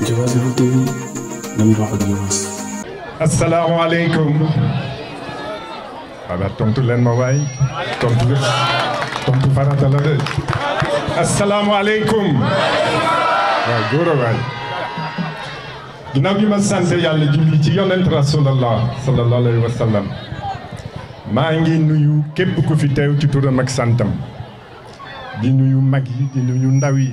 Jawaazirul TV nañu wax ak tontu leen ma waay tontu tontu farata la de. asalaamaaleykum. góor a waay. ginnaaw bi ma sant yàlla julli ci yonent rasulallah maa ngi nuyu képp ku fi teew ci turam ak santam. di nuyu mag yi di nuyu ndaw yi.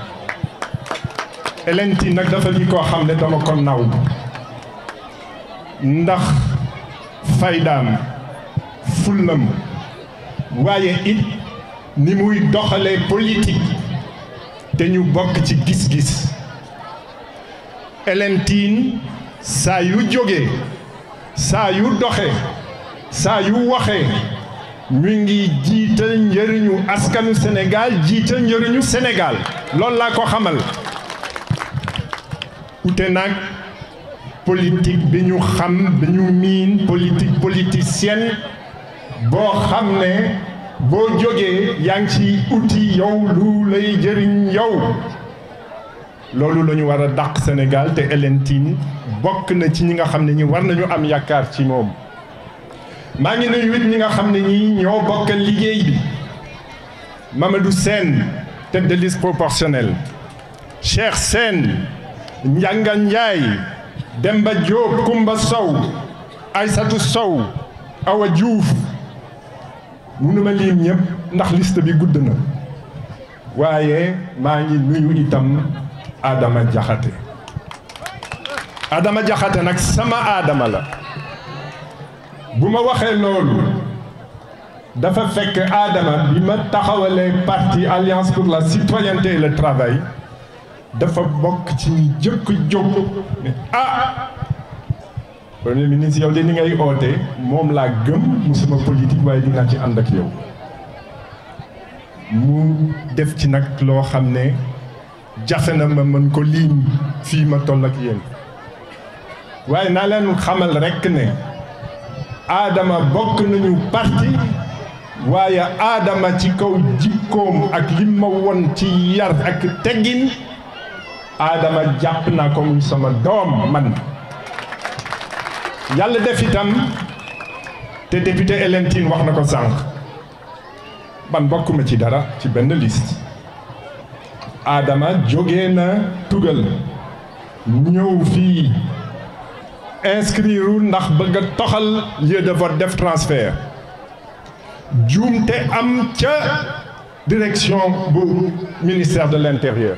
Hélène Tine nag dafa di ko xam ne dama ko naw ndax faydaam fullam waaye it ni muy doxalee politique te ñu bokk ci gis-gis Hélène saa yu jógee saa yu doxe saa yu waxee mi ngi jiital njëriñu askanu Sénégal jiital njëriñu senegaal loolu laa ko xamal Outenak politique politique politicienne bo hamne bo yanchi ngi yow lu jëriñ yow Sénégal te Elentin bok na ci nga xam am yakar, ci nga Mamadou Sen, tête de liste proportionnelle cher Sen, Njanga Njaay Demba Diop, Kumba Sow Aysatu Sow Awa Juuf ne liim ñëpp ndax liste bi gudd na Mais, nous sommes nuyu itam Adama Diakhate. Adama Diakhate, c'est sama Adama la bu ma waxee dafa fekk Adama bi ma taxawalee parti Alliance pour la citoyenneté et le travail dafa bokk ci ñi jëkk jóg ne ah premier ministre yow de ni ngay oote moom laa gëm mu sama politique waaye dinaa ci ànd ak yow mu def ci nag loo xam ne jafe na ma mën ko liim fii ma toll ak yéen waaye naa leen xamal rekk ne aadama bokk nañu parti waaye aadama ci kaw jikkoom ak li ma won ci yar ak teggin adama comme naa ko muy sama doom man def itam te député elentine wax na ko sànq man bokkuma ci dara ci ben liste Adama jógee na tugal ñëw fii inscrire ndax bëgg lieu de vote def transfert juumte am ca direction bu ministère de l'intérieur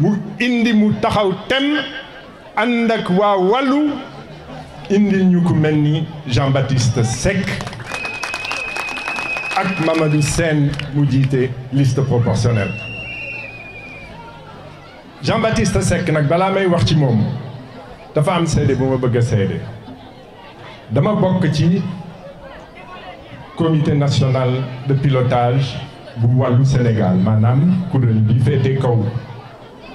mu indi mu taxaw tem ànd ak waa wàllu indi ñu ku mel ni Jean Baptiste Seck ak Mamadou Sène mu jiite liste proportionnelle Jean Baptiste Seck nag balaa may wax ci moom dafa am seede bu ma bëgg a seede dama bokk ci comité national de pilotage bu wàllu Sénégal maanaam kuréel bi féete kaw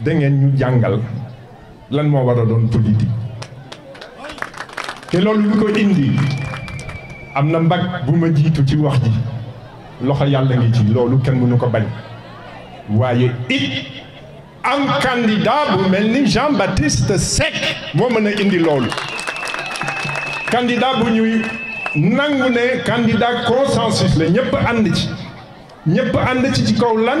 da ngeen ñu jàngal lan moo war a doon politique te loolu lu ko indi am na mbag bu ma jiitu ci wax ji loxo yàlla ngi ci loolu kenn mënu ko bañ waaye it am candidat bu mel ni Jean Baptiste sec moo mën a indi loolu candidat bu ñuy nangu ne candidat consensus la ñëpp ànd ci ñëpp ànd ci ci kaw lan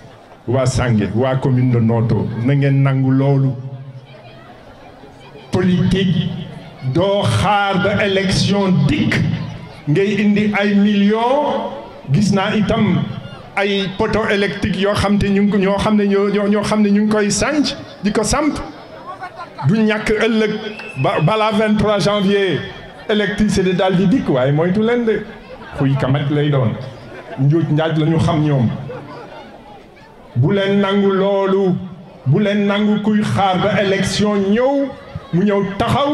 Wa Sange wa commune de Noto, na ngeen politique do xaar ba élection dik ngay indi ay millions gis itam ay poteau électrique Yo xamné ñu ñoo xam ñoo ñoo ñu koy sanj diko samp du ñak qui ba la 23 janvier électricité di kamat lay xam bu leen nangu loolu bu leen nangu kuy xaar ba élection ñëw mu ñëw taxaw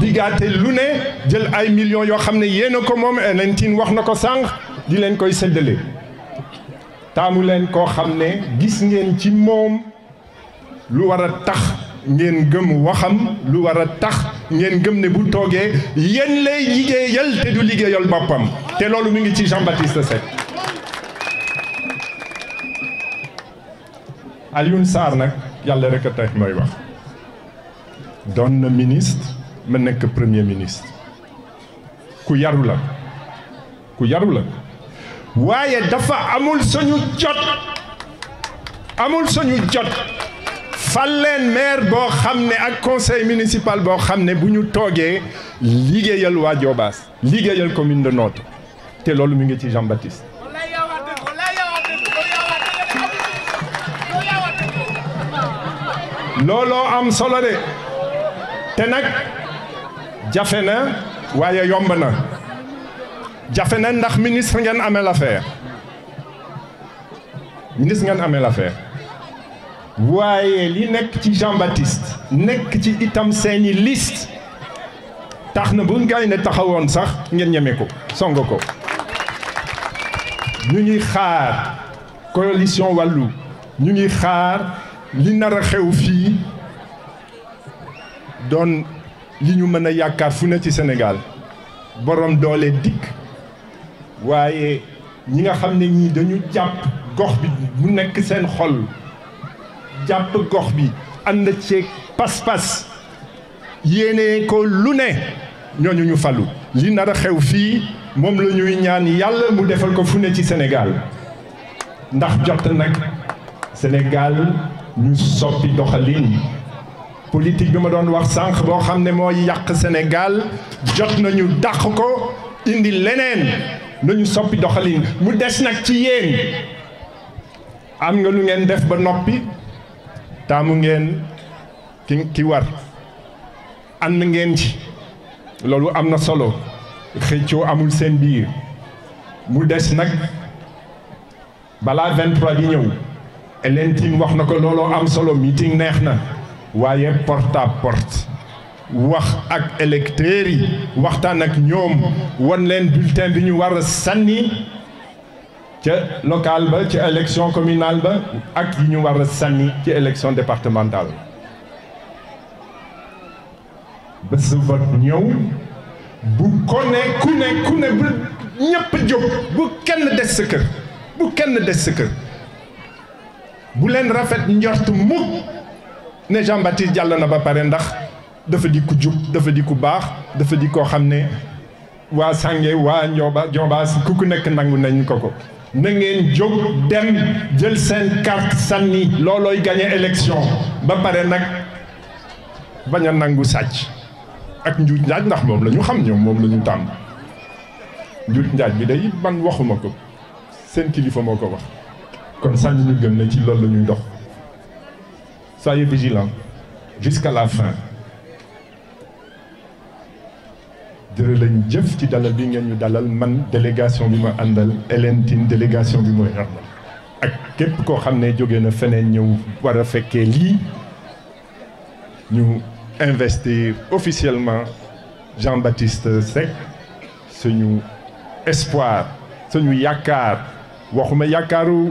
diggaate lu ne jël ay millions yoo xam ne yéen a ko moom Hélène wax na ko sànq di leen koy séddale taamu leen koo xam ne gis ngeen ci moom lu war a tax ngeen gëm waxam lu war a tax ngeen gëm ne bu toogee yéen lay liggéeyal te du liggéeyal boppam te loolu mu ngi ci Jean Baptiste Seck Alioune Sarr nak yalla rek a tax wax Un ministre ma premier ministre ku yarou la ku yarou la waye dafa amul suñu jot amul suñu jot maire bo ak conseil municipal bo xam buñu togué ligéyal ligéyal commune de notre té mi ngi ci Jean Baptiste Lolo, am solo de té nak jafe na waaye yomb na jafe na ndax ministre ngén amé l'affaire ministre ngén amé l'affaire waye li ci Jean Baptiste nek ci itam seni liste tax na bu gaay ne taxawon sax ngén ñeme ko songo ko ñu ñuy xaar coalition wàllu ñu ñuy xaar li nar a xew fii doon li ñu mën a yaakaar fu ne ci senegaal boroom doole dikk waaye ñi nga xam ne ñii dañu jàpp gox bi mu nekk seen xol jàpp gox bi ànd ceeg pas-pas yéene ko lu ne ñooñu ñu falu li nar a xew fii moom la ñuy ñaan yàlla mu defal ko fu ne ci senegaal ndax jot nag Sénégal ñu soppi doxalin politique bi ma doon wax sànq boo xam ne moo yàq senegaal jot nañu dàq ko indi leneen nañu soppi doxalin mu des nag ci yéen am nga lu ngeen def ba noppi taamu ngeen ki ki war ànd ngeen ci loolu am na solo xëccoo amul seen biir mu des nag balaa 23 bi ñëw Elentine Tine wax na ko looloo am solo meeting neexna na waaye porte à porte wax ak électeurs yi waxtan ak ñom won len bulletin bi ñu war sanni ci local ba ci élection communale ba ak yi ñu war sanni ci élection départementale ba su vote bu kone ku ne ku ne bu jog bu kenn des sa kër bu kenn des sa kër bu rafet njort mukk ne Jean-Baptiste jàll na ba pare ndax dafa di ku jub dafa di ku bax dafa di ko xam wa sangé wa ñoba Ndioba Ndiobaas ku ku nekk nangu nañ ko ko na ngeen jog dem jël sen carte sanni loloy gagné élection ba pare nak baña nangu sàcc ak njuuj njaaj ndax mom lañu xam ñoom mom lañu ñu tàmm njuuj bi day ban waxuma ko sen kilifa moko wax kon sañ ñu gëm ne ci loolu la ñuy dox soyez vigilants jusqu'à la fin de lañ jëf ci dalal bi ngeen ñu dalal man délégation bi ma andal Hélène délégation bi mooy àndal ak képp koo xam ne jóge na feneen ñëw war a fekkee ñu investir officiellement Jean-Baptiste Seck suñu espoir suñu yaakaar waxuma yakaru.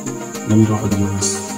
نمیرم